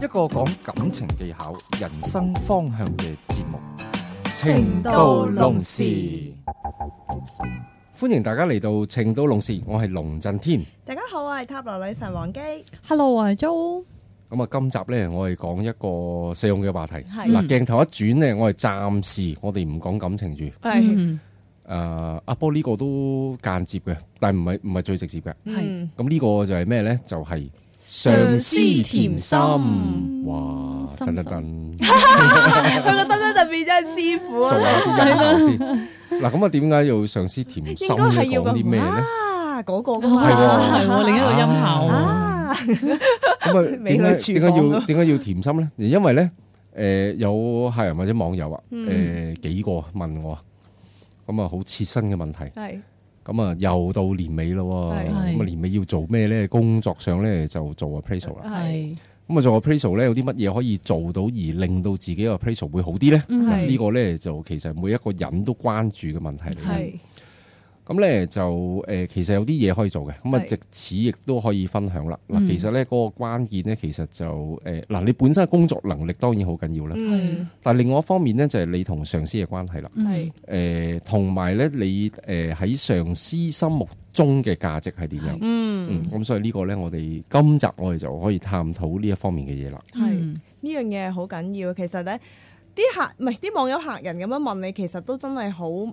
一個講感情技巧、人生方向嘅節目《情到濃時》。歡迎大家嚟到《情到濃時》，我係龍震天。大家好，我係塔羅女神王姬。Hello，我係 Jo。咁啊，今集咧，我係講一個實用嘅話題。係嗱是，鏡、嗯、頭一轉咧，我係暫時，我哋唔講感情住。係是。誒、嗯，阿、啊、波呢個都間接嘅，但係唔係唔係最直接嘅。係是。咁呢、嗯、個就係咩咧？就係、是。上司甜心，哇！噔噔噔，佢個噔噔就變咗係師傅啦。做個音效先。嗱，咁啊，點解要上司甜心要講啲咩咧？啊，嗰個噶嘛，係喎，另一個音效啊。咁啊，點解點解要點解要甜心咧？而因為咧，誒，有客人或者網友啊，誒，幾個問我，咁啊，好切身嘅問題。咁啊，又到年尾咯，咁啊是的 年尾要做咩咧？工作上咧就做啊 appraisal 啦。係咁啊，做啊 appraisal 咧，有啲乜嘢可以做到而令到自己個 appraisal 會好啲咧？呢個咧就其實每一個人都關注嘅問題嚟。嘅。是的 咁咧就誒、呃，其實有啲嘢可以做嘅，咁啊是，藉此亦都可以分享啦。嗱、嗯，其實咧嗰、嗰個關鍵咧，其實就誒，嗱、呃，你本身嘅工作能力當然好緊要啦，嗯、但係另外一方面咧，就係、係、你同上司嘅關係啦，誒是，同埋咧你誒喺、呃、上司心目中嘅價值係點樣？嗯，咁、嗯、所以個呢個咧，我哋今集我哋就可以探討呢一方面嘅嘢啦。係呢樣嘢好緊要，其實咧。啲客唔係啲網友客人咁樣問你，其實都真係好誒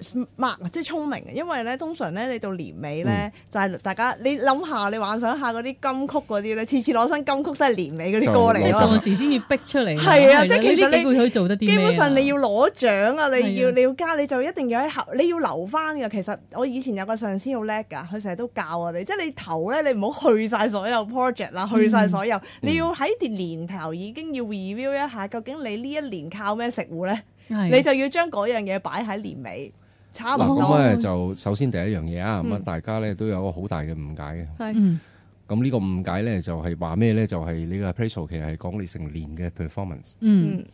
，smart、um, 即係聰明嘅，因為咧通常咧你到年尾咧、嗯、就係大家你諗下，你幻想下嗰啲金曲嗰啲咧，次次攞新金曲真係年尾嗰啲歌嚟咯，當時先、嗯、 要逼出嚟，係啊，即係其實你基本上你要攞獎啊，你要、啊、你要加，你就一定要喺你要留翻嘅。其實我以前有個上司好叻㗎，佢成日都教我哋，即係你投咧，你唔好去晒所有 project 啦，去晒所有，嗯、你要喺年頭已經要 review 一下，究竟你。呢一年靠咩食糊咧？的你就要將嗰樣嘢擺喺年尾參考。嗱，咁咧、啊、就首先第一樣嘢啊，咁啊、嗯、大家咧都有一個好大嘅誤解嘅。係、嗯。咁呢個誤解咧就係話咩咧？就係、是就是、你個 appraisal 係講你成年嘅 performance。嗯。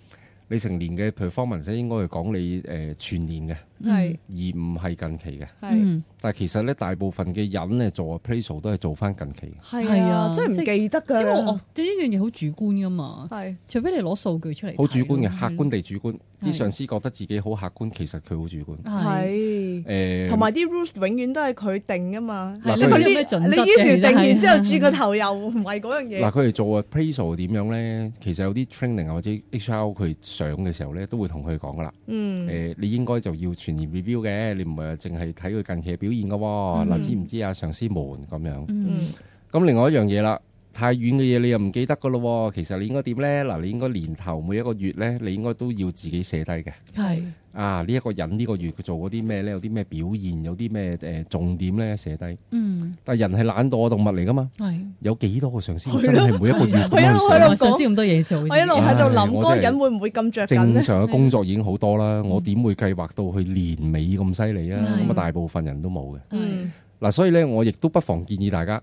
你成年嘅 performance 咧，應該係講你誒全年嘅。係，而唔係近期嘅。係，但係其實咧，大部分嘅人咧做 appraisal 都係做翻近期。係啊，真係唔記得㗎。因為我呢樣嘢好主觀㗎嘛。係，除非你攞數據出嚟。好主觀嘅，客觀地主觀。啲上司覺得自己好客觀，其實佢好主觀。係。誒，同埋啲 rules 永遠都係佢定㗎嘛。嗱，佢有咩準則嘅？你於是定完之後轉個頭又唔係嗰樣嘢。嗱，佢哋做 appraisal 點樣咧？其實有啲 training 或者 HR 佢上嘅時候咧，都會同佢講㗎啦。嗯。誒，你應該就要。年 review 嘅，你唔係淨係睇佢近期嘅表現㗎喎，嗱、啊、知唔知啊上司們咁樣，咁、嗯、另外一樣嘢啦。太遠嘅嘢你又唔記得噶咯喎，其實你應該點咧？嗱，你應該年頭每一個月咧，你應該都要自己寫低嘅。係啊，呢一個人呢個月佢做嗰啲咩咧？有啲咩表現？有啲咩誒重點咧？寫低。嗯。但係人係懶惰嘅動物嚟噶嘛？係。有幾多個上司真係每一個月？佢一路佢一路講咁多嘢做，我一路喺度諗個人會唔會咁着緊咧？正常嘅工作已經好多啦，我點會計劃到去年尾咁犀利啊？咁啊，大部分人都冇嘅。嗯。嗱，所以咧，我亦都不妨建議大家。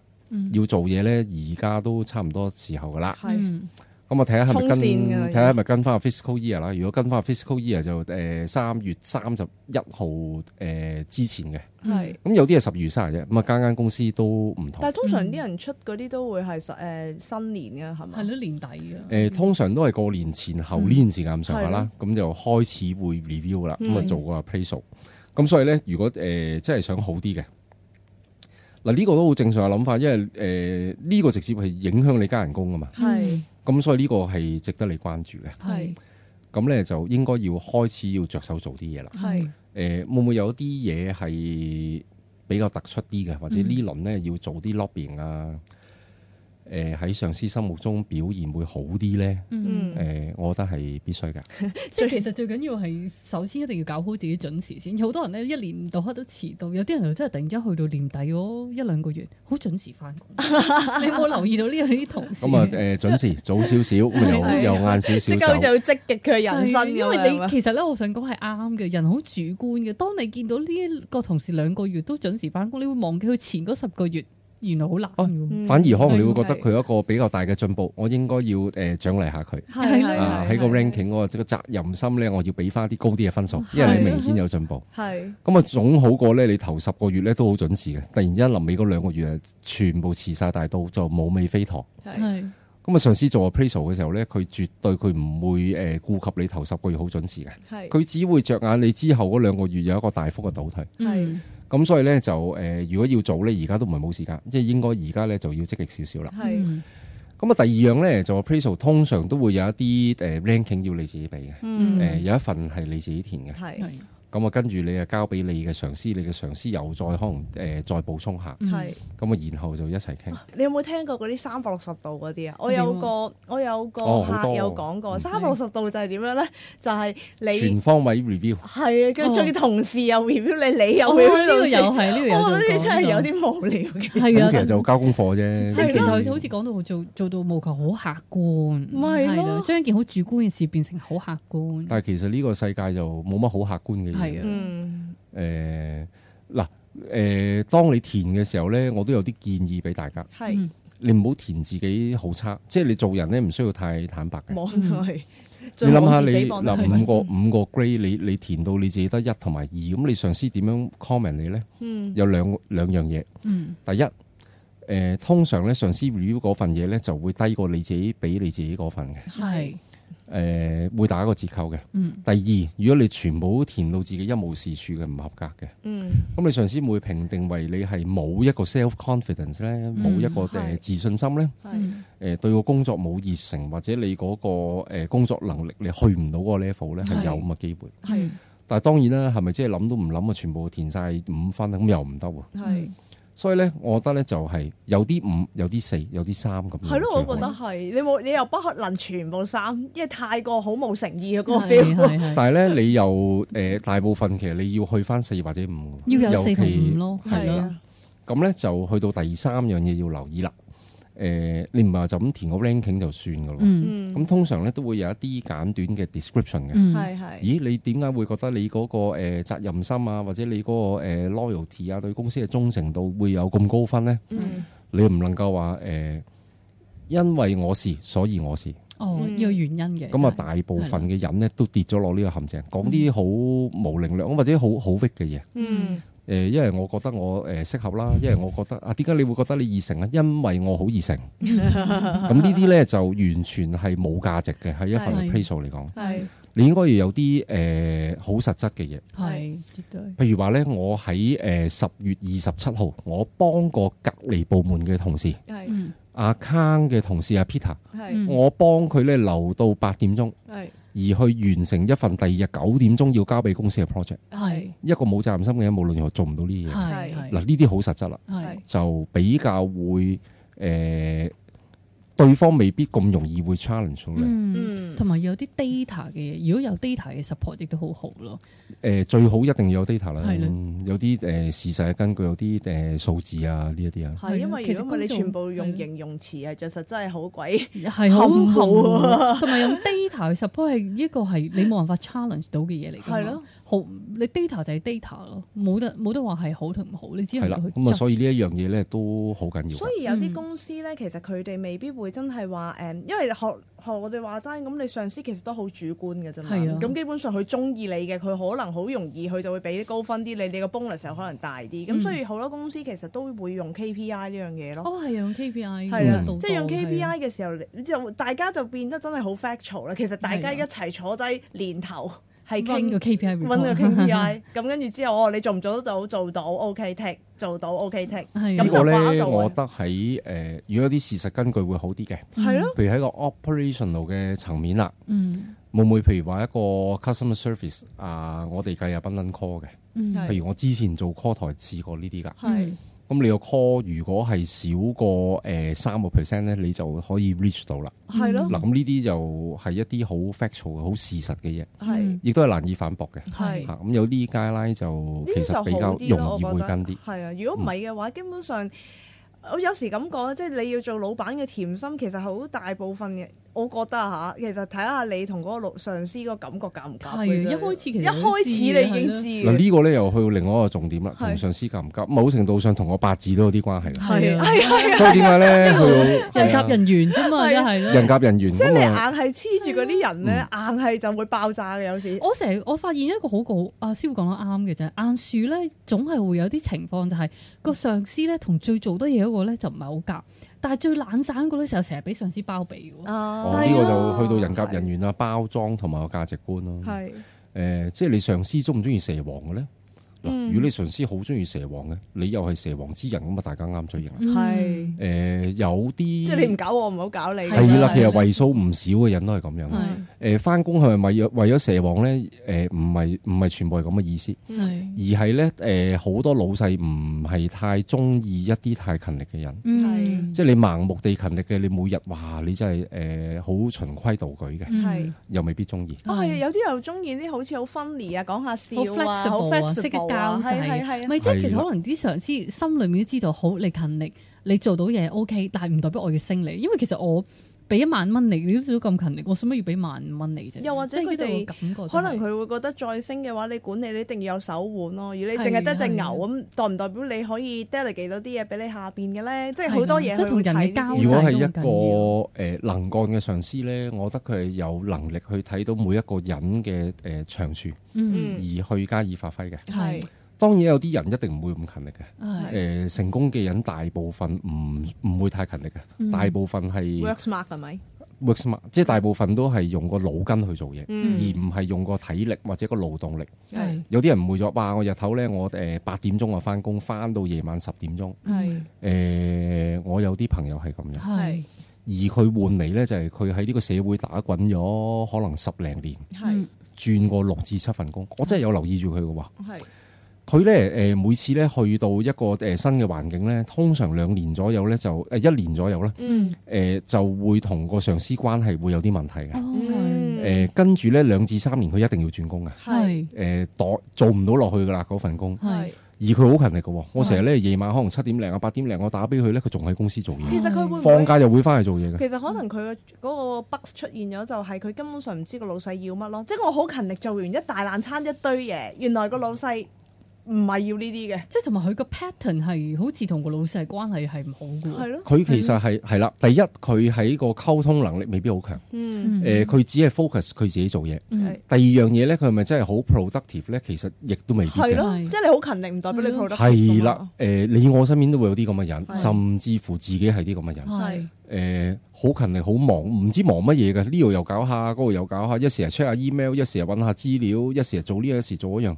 要做嘢咧，而家都差唔多時候噶啦。咁我睇下係跟睇下係咪跟翻個 fiscal year 啦。如果跟翻個 fiscal year 就誒三、呃、月三十一號誒之前嘅。係咁的有啲係十二月三十啫。咁啊間間公司都唔同。但係通常啲人出嗰啲都會係誒新年嘅係咪？係咯年底嘅。誒、嗯、通常都係過年前後呢段時間咁上下啦。咁、嗯、就開始會 review 啦。咁啊、嗯、做啊 appraisal 咁所以咧，如果誒、呃呃呃、真係想好啲嘅。嗱呢個都好正常嘅諗法，因為誒呢、呃這個直接係影響你加人工噶嘛，咁是、嗯、所以呢個係值得你關注嘅。咁咧是、嗯、就應該要開始要着手做啲嘢啦。誒是、呃、會唔會有啲嘢係比較突出啲嘅，或者呢輪咧要做啲 lobbying 啊？誒喺、呃、上司心目中表現會好啲咧？誒、呃，我覺得係必須嘅。即係、嗯、其實最緊要係首先一定要搞好自己準時先。好多人咧一年到黑都遲到，有啲人又真係突然之間去到年底哦，一兩個月好準時翻工。 你有冇留意到呢？啲同事咁啊？誒 準時早少少，又晏少少，夠 的就積極佢人生。因為你其實咧，我想講係啱嘅。人好主觀嘅，當你見到呢個同事兩個月都準時翻工，你會忘記佢前嗰十個月。原來好難，反而可能你會覺得佢有一個比較大嘅進步，我應該要誒獎勵下佢，喺個 ranking 嗰個責任心咧，我要俾翻啲高啲嘅分數，因為你明顯有進步。咁啊，總好過咧，你頭十個月咧都好準時嘅，突然之間臨尾嗰兩個月全部遲晒，大到就冇味飛陀。咁啊，上司做阿 Peso 嘅時候咧，佢絕對佢唔會誒顧及你頭十個月好準時嘅，佢只會着眼你之後嗰兩個月有一個大幅嘅倒退。咁所以咧就誒、呃，如果要做咧，而家都唔係冇時間，即係應該而家咧就要積極少少啦。係是。咁啊、嗯，第二樣咧就 Prezo 通常都會有一啲誒 ranking 要你自己俾嘅，誒、嗯呃、有一份係你自己填嘅。係是。咁啊，跟住你啊，交俾你嘅上司，你嘅上司又再可能誒再補充下。係咁啊，然後就一齊傾。你有冇聽過嗰啲三百六十度嗰啲啊？我有個我有個客有講過三百六十度就係點樣咧？就係你全方位 review。係啊，跟住同時又 review 你，你又 review 又係呢？邊有？我覺得啲真係有啲無聊嘅。係啊，其實就交功課啫。其實好似講到做做到務求好客觀，唔係咯，將一件好主觀嘅事變成好客觀，但係其實呢個世界就冇乜好客觀嘅。係啊，誒、嗯，嗱、呃，誒、呃呃，當你填嘅時候咧，我都有啲建議俾大家。係，你唔好填自己好差，即係你做人咧唔需要太坦白嘅。嗯、你諗下你嗱五個五個 grade，你你填到你自己得一同埋二，咁你上司點樣 comment 你咧？嗯、有兩兩樣嘢。嗯嗯、第一，誒、呃，通常咧上司 review 嗰份嘢咧就會低過你自己俾你自己嗰份嘅。係。誒、呃、會打一個折扣嘅。嗯、第二，如果你全部填到自己一無是處嘅唔合格嘅，咁、嗯、你上司會評定為你係冇一個 self confidence 咧，冇、嗯、一個誒自信心咧，誒是、呃、對個工作冇熱誠或者你嗰個工作能力你去唔到嗰個 level 咧，係有咁嘅機會。係，但係當然啦，係咪即係諗都唔諗啊？全部填晒五分，咁又唔得喎。是所以咧，我覺得咧就係有啲五的、有啲四、有啲三咁樣。係咯，我都覺得係。你冇，你又不可能全部三，因為太過好冇誠意。係係係。 但係咧，你又誒、呃，大部分其實你要去返四或者五，要有四五咯其，係啦。咁咧就去到第三樣嘢要留意啦。誒、呃，你唔係話就咁填個 ranking 就算嘅咯？咁、嗯、通常咧都會有一啲簡短嘅 description 嘅、嗯。咦，你點解會覺得你嗰個誒責任心啊，或者你嗰個 loyalty 啊，對公司嘅忠誠度會有咁高分呢？嗯、你唔能夠話誒、呃，因為我是，所以我是。哦，呢、這、有、個、原因嘅。咁啊、嗯，大部分嘅人咧都跌咗落呢個陷阱，講啲好無能力或者好好 fit 嘅嘢。嗯。誒，因為我覺得我誒適合啦，因為我覺得啊，點解你會覺得你易成啊？因為我好易成。咁呢啲咧就完全係冇價值嘅，喺一份 appraisal 嚟講。係。你應該要有啲誒好實質嘅嘢。係。絕對。譬如話咧，我喺誒十月二十七號，我幫過隔離部門嘅同事，阿 Ken 嘅同事阿 Peter，我幫佢咧留到八點鐘。係。而去完成一份第二日九點鐘要交俾公司嘅 project。係一個冇責任心嘅人，無論如何做唔到呢啲嘢。係嗱是，呢啲好實質啦，是就比較會。誒、呃。對方未必咁容易會 challenge 到你。嗯，同埋、嗯、有啲 data 嘅嘢，如果有 data 嘅 support 亦都好好咯。誒、呃，最好一定要有 data 啦的。係啦、嗯，有啲誒、呃、事實嘅根據，有啲誒、呃、數字啊呢一啲啊。係因為其實你全部用形容詞係着實真係好鬼含糊。同埋、啊、 用 data 去 support 係一個係你冇辦法 challenge 到嘅嘢嚟㗎。係咯。好，你 data 就係 data 咯，冇得冇得話係好同唔好，你知能夠係啦，咁啊，所以呢一樣嘢咧都好緊要。所以有啲公司咧，嗯、其實佢哋未必會真係話誒，因為學學我哋話齋，咁你上司其實都好主觀㗎啫嘛。咁的基本上佢中意你嘅，佢可能好容易佢就會俾高分啲你，你個 bonus 可能大啲。咁、嗯、所以好多公司其實都會用 KPI 呢樣嘢咯。哦，係用 KPI，係即係用 KPI 嘅時候，就的大家就變得真係好 factual 啦。其實大家一齊坐低連頭。是的 係傾 KPI，揾個傾 KPI，咁跟住之後哦，你做唔做得到？做到 OK take，OK take 做到 OK take 做。如果咧，我覺得喺誒，如果啲事實根據會好啲嘅，係咯、嗯。譬如喺個 operational 嘅層面啦，嗯，會唔會譬如話一個 customer service 啊、呃，我哋計下 business call 嘅、嗯，譬如我之前做 call 台試過呢啲噶，係、嗯。的咁你個 call 如果係少過誒三個 percent 咧，你就可以 reach 到啦。係咯的。嗱、嗯，咁呢啲就係一啲好 factual、好事實嘅嘢，亦都係難以反駁嘅。係的。咁、嗯、有啲 guideline 就的其實比較容易，容易會跟啲。係啊，如果唔係嘅話，基本上我有時咁講，即係、嗯、你要做老闆嘅甜心，其實好大部分嘅。我覺得吓，其實睇下你同嗰個上司個感覺夾唔夾？係的一開始其實一開始你已經知嗱呢的個咧又去到另外一個重點啦，同的上司夾唔夾？某程度上同我八字都有啲關係啦。係啊，所以點解咧？佢 人夾人緣啫嘛，一係咯，人夾人緣咁啊，你硬係黐住嗰啲人咧，的硬係就會爆炸嘅有時。我成日……我發現一個好個，阿、啊、師傅講得啱嘅啫。硬樹咧，總係會有啲情況就係、是、個上司咧，同最做得嘢嗰個咧就唔係好夾。但係最懶散嗰啲時候，成日俾上司包庇喎。哦，呢、這個就去到人夾、人緣啊、包裝同埋個價值觀咯。係是，誒、呃，即係你上司中唔中意蛇王嘅咧？如果你上司好中意蛇王嘅，你又係蛇王之人，咁啊大家啱嘴型。係，誒有啲即係你唔搞我，唔好搞你。係啦，其實為數唔少嘅人都係咁樣。係，誒翻工係咪為咗蛇王咧？誒唔係唔係全部係咁嘅意思，而係咧誒好多老細唔係太中意一啲太勤力嘅人。即係你盲目地勤力嘅，你每日哇你真係誒好循規蹈矩嘅，又未必中意。啊有啲又中意啲好似好 funny 啊，講下笑好 flexible 係係係，唔係即係其實可能啲上司心裏面都知道，好，你勤力，你做到嘢，OK，但係唔代表我要升你，因為其實我。俾一萬蚊你，你都少到咁勤力，我使乜要俾萬五蚊你啫？又或者佢哋可能佢會覺得再升嘅話，你管理你，你一定要有手腕咯，而你淨係得隻牛咁，的代唔代表你可以 delegate 到啲嘢俾你下邊嘅咧？的即係好多嘢都同人哋交。如果係一個誒能幹嘅上司咧，嗯、我覺得佢係有能力去睇到每一個人嘅誒長處，嗯，而去加以發揮嘅。係的。當然有啲人一定唔會咁勤力嘅。誒，成功嘅人大部分唔唔會太勤力嘅，大部分係 work smart，係咪？work smart，即係大部分都係用個腦筋去做嘢，而唔係用個體力或者個勞動力。有啲人唔會咗，哇！我日頭咧，我誒八點鐘我翻工，翻到夜晚十點鐘。係誒，我有啲朋友係咁樣，而佢換嚟咧就係佢喺呢個社會打滾咗可能十零年，轉過六至七份工。我真係有留意住佢嘅喎。佢咧誒，每次咧去到一個誒新嘅環境咧，通常兩年左右咧就誒一年左右啦。嗯、呃。誒就會同個上司關係會有啲問題嘅。哦、嗯呃。跟住咧兩至三年，佢一定要轉工嘅。係是、呃。誒，代做唔到落去噶啦嗰份工。係。是 而佢好勤力嘅喎，我成日咧夜晚是 可能七點零啊八點零，我打俾佢咧，佢仲喺公司做嘢。其實佢會唔會放假又會翻去做嘢嘅？其實可能佢嗰個 box 出現咗，就係佢根本上唔知個老細要乜咯。即係我好勤力做完一大爛餐一堆嘢，原來個老細，唔係要呢啲嘅，即係同埋佢個 pattern 係好似同個老細係關係係唔好嘅。係咯，佢其實係係啦。第一，佢喺個溝通能力未必好強。嗯，誒，佢只係 focus 佢自己做嘢。第二樣嘢咧，佢係咪真係好 productive 咧？其實亦都未必。係咯，即係你好勤力唔代表你 productive。係啦，誒，你我身邊都會有啲咁嘅人，甚至乎自己係啲咁嘅人。係。誒，好勤力，好忙，唔知忙乜嘢嘅？呢度又搞下，嗰度又搞下，一時又 check 下 email，一時又揾下資料，一時又做呢，一時做嗰樣。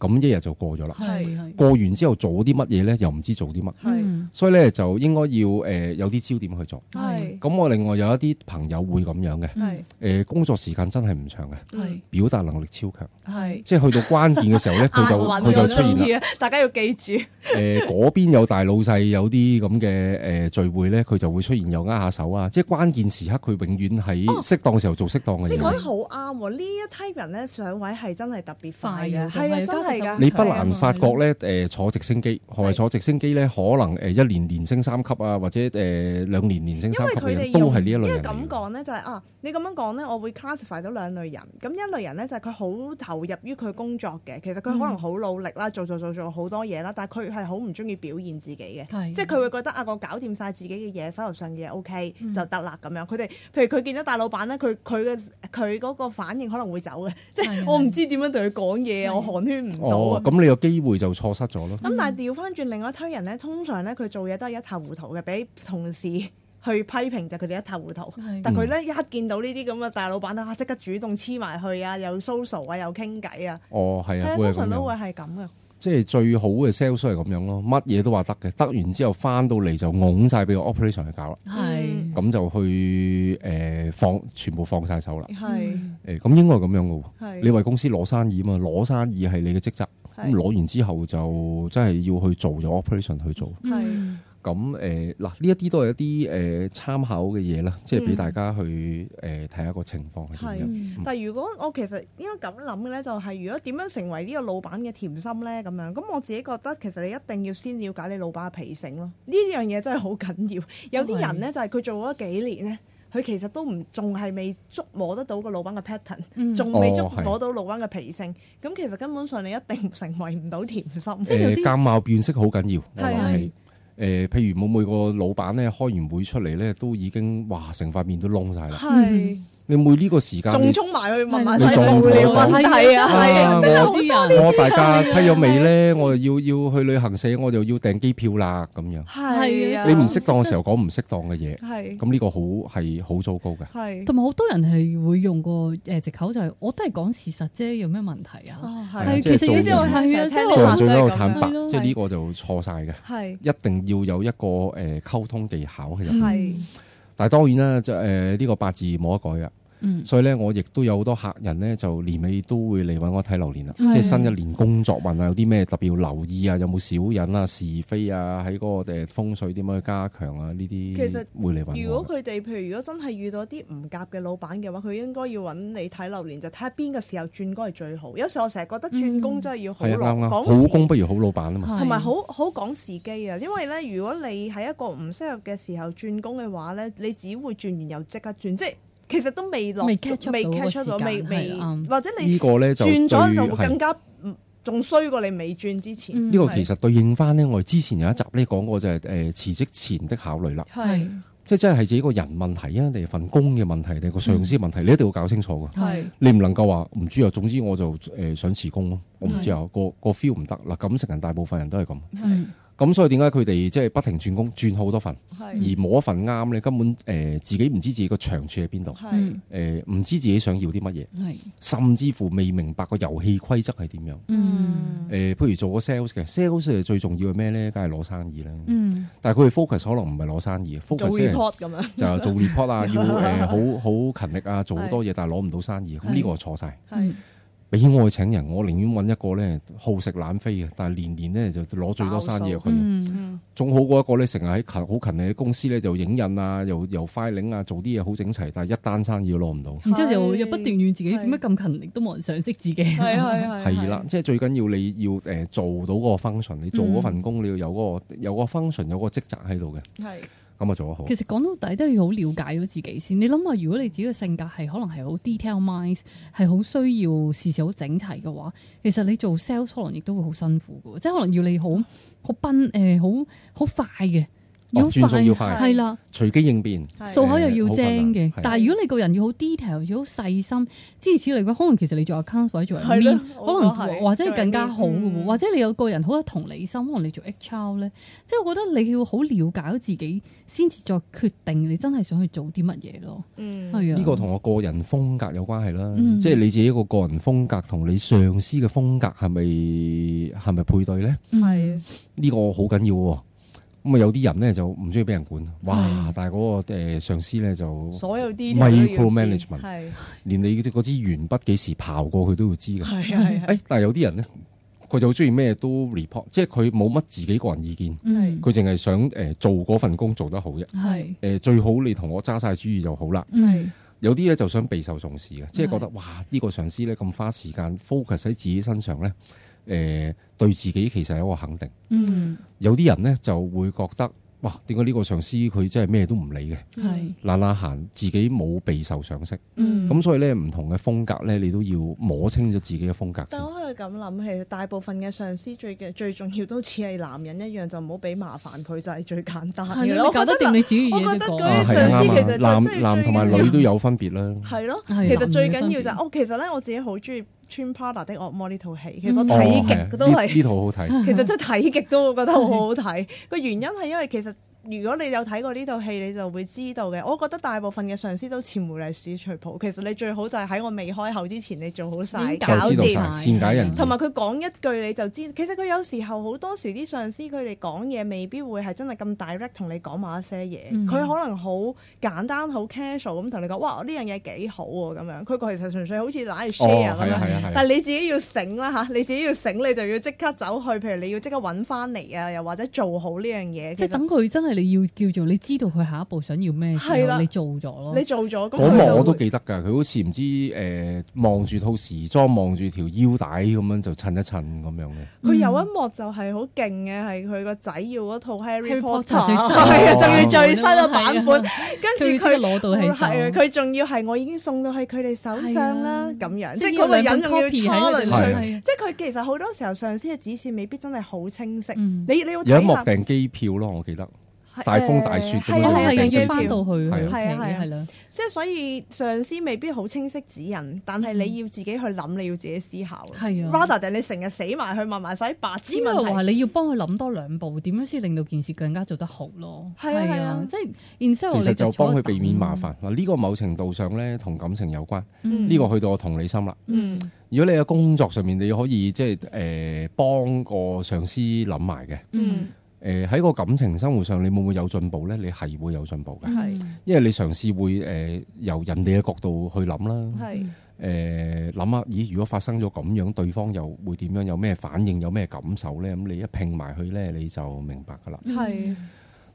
咁一日就過咗啦。係係。過完之後做啲乜嘢咧？又唔知做啲乜。係。所以咧，就應該要誒有啲焦點去做。係。咁我另外有一啲朋友會咁樣嘅。係。誒，工作時間真係唔長嘅。係。表達能力超強。係。即係去到關鍵嘅時候咧，佢就佢就出現啦。大家要記住。誒，嗰邊有大老細，有啲咁嘅誒聚會咧，佢就會出現又握下手啊！即係關鍵時刻，佢永遠喺適當嘅時候做適當嘅嘢。你講得好啱喎！呢一批人咧，上位係真係特別快嘅，係啊真係。你不難發覺咧，誒的、呃、坐直升機，的何謂坐直升機咧？可能誒一年連升三級啊，或者誒兩年連升三級，佢哋都係呢一類人。因為咁講咧，就係、是、啊，你咁樣講咧，我會 classify 到兩類人。咁一類人咧，就係佢好投入於佢工作嘅，其實佢可能好努力啦，嗯、做做做做好多嘢啦，但係佢係好唔中意表現自己嘅，的即係佢會覺得啊，我搞掂晒自己嘅嘢，手頭上嘅嘢 OK、嗯、就得啦咁樣。佢哋譬如佢見到大老闆咧，佢佢嘅佢嗰個反應可能會走嘅，即係我唔知點樣對佢講嘢，的我寒暄唔。哦，咁你個機會就錯失咗咯。咁、嗯、但係調返轉，另外一堆人咧，通常咧佢做嘢都係一塌糊塗嘅，俾同事去批評就佢哋一塌糊塗。嗯、但佢咧一見到呢啲咁嘅大老闆咧，啊、即刻主動黐埋去、哦、啊，又 social 啊，又傾偈啊。哦，係啊，通常都會係咁嘅。即係最好嘅 sales 係咁樣咯，乜嘢都話得嘅，得完之後翻到嚟就拱曬俾個 operation 去搞啦，係咁是就去誒、呃、放全部放晒手啦，係誒咁應該係咁樣嘅喎，是你為公司攞生意啊嘛，攞生意係你嘅職責，咁攞是完之後就真係要去做咗 operation 去做。咁誒嗱，呢一啲都係一啲誒參考嘅嘢啦，即係俾大家去誒睇下個情況係點樣。但係如果我其實應該咁諗嘅咧，就係如果點樣成為呢個老闆嘅甜心咧咁樣，咁我自己覺得其實你一定要先瞭解你老闆嘅脾性咯。呢樣嘢真係好緊要。有啲人咧就係佢做咗幾年咧，佢其實都唔仲係未捉摸得到個老闆嘅 pattern，仲未捉摸到老闆嘅脾性。咁其實根本上你一定成為唔到甜心。誒，見貌辨色好緊要。係。誒、呃，譬如冇每個老闆咧，開完會出嚟咧，都已經哇，成塊面都窿晒啦。是嗯你每呢個時間，仲衝埋去問，仲會冇問題啊？係啊，真係好啲人，我大家批咗未咧？我要要去旅行社，我就要訂機票啦，咁樣。係啊，你唔適當嘅時候講唔適當嘅嘢，係咁呢個好係好糟糕嘅。同埋好多人係會用個誒藉口就係，我都係講事實啫。有咩問題啊？係，係，其實你話係啊，即係最緊要坦白，即係呢個就錯晒嘅，係一定要有一個誒溝通技巧嘅。係，但係當然啦，就誒呢個八字冇得改㗎。所以咧，我亦都有好多客人咧，就年尾，尾都會嚟揾我睇流年啦。的即係新一年工作運啊，有啲咩特別要留意啊，有冇小人啊、是非啊，喺嗰、那個誒風水點樣去加強啊？呢啲其實會嚟揾我。如果佢哋譬如如果真係遇到啲唔夾嘅老闆嘅話，佢應該要揾你睇流年，就睇下邊個時候轉工係最好。有時候我成日覺得轉工真係要好老、嗯、講時，好工不如好老闆啊嘛。同埋的好好，好講時機啊，因為咧，如果你喺一個唔適合嘅時候轉工嘅話咧，你只會轉完又即刻轉即。其實都未落，未 catch 出咗，未未或者你呢就轉咗就更加仲衰過你未轉之前。呢個其實對應翻咧，我哋之前有一集咧講過就係誒辭職前的考慮啦。係即係真係係自己個人問題啊，定係份工嘅問題，定係個上司嘅問題，你一定要搞清楚噶。係你唔能夠話唔知啊，總之我就誒想辭工咯。我唔知啊，個個 feel 唔得嗱，咁成人大部分人都係咁。咁所以點解佢哋即係不停轉工，轉好多份，而冇一份啱咧，根本誒、呃、自己唔知自己個長處喺邊度，誒唔是、呃、知自己想要啲乜嘢，甚至乎未明白個遊戲規則係點樣。誒、嗯呃，譬如做個 sales 嘅，sales 最重要係咩咧？梗係攞生意啦。但係佢哋 focus 可能唔係攞生意，focus 係做 report 咁樣，就係做 report 啊，要誒好好勤力啊，做好多嘢，但係攞唔到生意。咁呢是個就錯曬。是俾我去請人，我寧願揾一個咧好食懶飛嘅，但係年年咧就攞最多生意佢，仲好過一個咧成日喺勤好勤力嘅公司咧就影印啊，又又 filing 啊，做啲嘢好整齊，但係一單生意都攞唔到。然之後又又不斷怨自己點解咁勤力都冇人賞識自己。係係啦，即係最緊要你要誒做到個 function，你做嗰份工你要有嗰個有個 function 有個職責喺度嘅。係。咁啊，做得好。其實講到底都要好了解咗自己先。你諗下，如果你自己嘅性格係可能係好 detail mind，係好需要事事好整齊嘅話，其實你做 sales 可能亦都會好辛苦㗎。即係可能要你好好奔誒，好、呃、好快嘅。要快，係啦，隨機應變，數口又要精嘅。但係如果你個人要好 detail，要好細心，諸如此類，佢可能其實你做 account 或者做咩，可能或者更加好嘅。或者你有個人好有同理心，可能你做 HR 咧，即係我覺得你要好了解自己，先至再決定你真係想去做啲乜嘢咯。嗯，係啊。呢個同我個人風格有關係啦。即係你自己個個人風格同你上司嘅風格係咪係咪配對咧？係。呢個好緊要喎。咁啊，有啲人咧就唔中意俾人管，哇！啊、但係嗰個誒上司咧就所有啲 micro management。是連你嗰支鉛筆幾時刨過佢都會知嘅。係，但係有啲人咧，佢就好中意咩都 report，即係佢冇乜自己個人意見，佢淨係想誒做嗰份工做得好啫。係誒是，最好你同我揸晒主意就好啦。是有啲咧就想備受重視嘅，即係是覺得哇！呢、這個上司咧咁花時間 focus 喺自己身上咧。誒，對自己其實係一個肯定。嗯，有啲人呢就會覺得，哇，點解呢個上司佢真係咩都唔理嘅？係，懶懶閒，自己冇備受賞識。咁所以咧，唔同嘅風格咧，你都要摸清咗自己嘅風格。但我可以咁諗，其實大部分嘅上司最嘅最重要都似係男人一樣，就唔好俾麻煩佢就係最簡單。我覺得點你自己嘢上司，其實，男同埋女都有分別啦。係咯，其實最緊要就係，哦，其實咧我自己好中意。《穿 Prada 的惡魔》呢套戲，其實我睇極都係呢套好睇。其實真係睇極都會覺得好好睇。個 原因係因為其實。如果你有睇過呢套戲，你就會知道嘅。我覺得大部分嘅上司都潛回嚟屎除袍，其實你最好就係喺我未開口之前，你做好晒、嗯、搞掂定。同埋佢講一句你就知，其實佢有時候好多時啲上司佢哋講嘢未必會係真係咁 direct 同你講某一些嘢，佢、嗯、哼可能好簡單好 casual 咁同你講，哇呢樣嘢幾好喎咁樣，佢其實純粹好似攞嚟 share 咁樣，啊啊啊啊、但係你自己要醒啦吓，你自己要醒，你就要即刻走去，譬如你要即刻揾翻嚟啊，又或者做好呢樣嘢。即係等佢真係。你要叫做你知道佢下一步想要咩，係啦，你做咗咯。你做咗，我望我都記得㗎。佢好似唔知誒，望住套時裝，望住條腰帶咁樣就襯一襯咁樣嘅。佢有一幕就係好勁嘅，係佢個仔要嗰套 Harry Potter，係啊，仲要最新嘅版本，跟住佢攞到係，係啊，佢仲要係，我已經送到去佢哋手上啦，咁樣，即係嗰個人仲要操亂佢，即係佢其實好多時候上司嘅指示未必真係好清晰。你你有一幕訂機票咯，我記得。大風大雪咁要翻到去，係啊係啊，即係所以上司未必好清晰指引，但係你要自己去諗，你要自己思考。係啊 rather 你成日死埋去，慢慢洗白。只係話你要幫佢諗多兩步，點樣先令到件事更加做得好咯？係啊係啊，即係。其實就幫佢避免麻煩。呢個某程度上咧，同感情有關。呢個去到我同理心啦。如果你喺工作上面，你可以即係，誒幫個上司諗埋嘅。嗯。誒喺、呃、個感情生活上，你會唔會有進步呢？你係會有進步嘅，的因為你嘗試會誒、呃、由人哋嘅角度去諗啦。係誒諗下，咦？如果發生咗咁樣，對方又會點樣？有咩反應？有咩感受呢？咁你一拼埋去呢，你就明白㗎啦。係。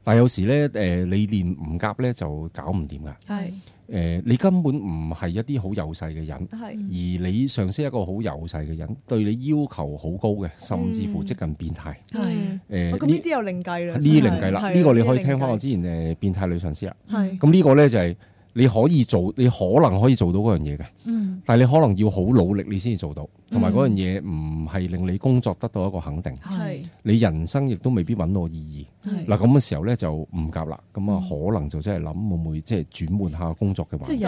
但有時咧，誒、呃、你念唔夾咧就搞唔掂㗎。係是，誒、呃、你根本唔係一啲好幼細嘅人，係是，而你上司一個好幼細嘅人，對你要求好高嘅，甚至乎接近變態。係、嗯，誒咁呢啲又另計啦。呢啲另計啦，呢是個你可以聽翻我之前誒變態女上司啦。係是，咁呢個咧就係、是。你可以做，你可能可以做到嗰樣嘢嘅，嗯、但係你可能要好努力，你先至做到。同埋嗰樣嘢唔係令你工作得到一個肯定，係是你人生亦都未必揾到意義，係嗱咁嘅時候咧就唔夾啦，咁啊是可能就真係諗會唔會即係轉換下工作嘅環境。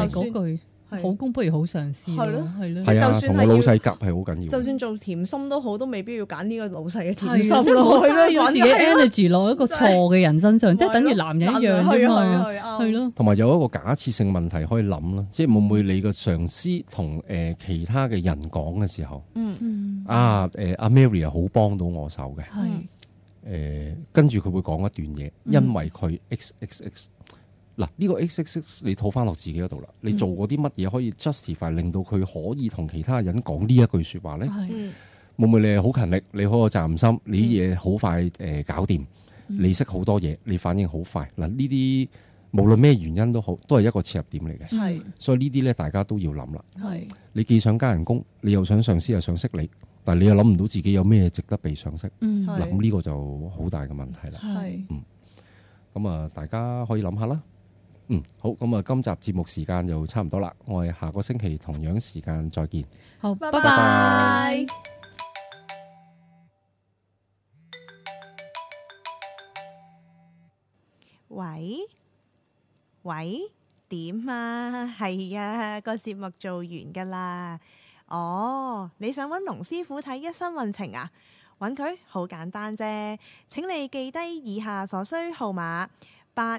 嗯即好工不如好上司，係咯，係咯。同你老細夾係好緊要，就算做甜心都好，都未必要揀呢個老細嘅甜心咯。即係老細要自己 energy 落一個錯嘅人身上，即係等於男人一樣啫嘛。去去，係咯。同埋有一個假設性問題可以諗啦，即係會唔會你個上司同誒其他嘅人講嘅時候，啊誒阿 Mary 好幫到我手嘅，係誒跟住佢會講一段嘢，因為佢 X X X。嗱，呢個 X 你套翻落自己嗰度啦，你做過啲乜嘢可以 justify 令到佢可以同其他人講呢一句説話咧？係會唔會你係好勤力，你好有責任心，你啲嘢好快誒搞掂，你識好多嘢，你反應好快。嗱，呢啲無論咩原因都好，都係一個切入點嚟嘅。係，是的 所以呢啲咧大家都要諗啦。係，是的 你既想加人工，你又想上司又想識你，但係你又諗唔到自己有咩值得被賞識。嗯，嗱，咁呢個就好大嘅問題啦。係，嗯，咁啊大家可以諗下啦。嗯，好，咁啊，今集節目時間就差唔多啦，我哋下個星期同樣時間再見。好，拜拜。喂拜喂，點啊？係呀，啊，個節目做完噶啦。哦，你想揾龍師傅睇一生運程啊？揾佢好簡單啫，請你記低以下所需號碼八。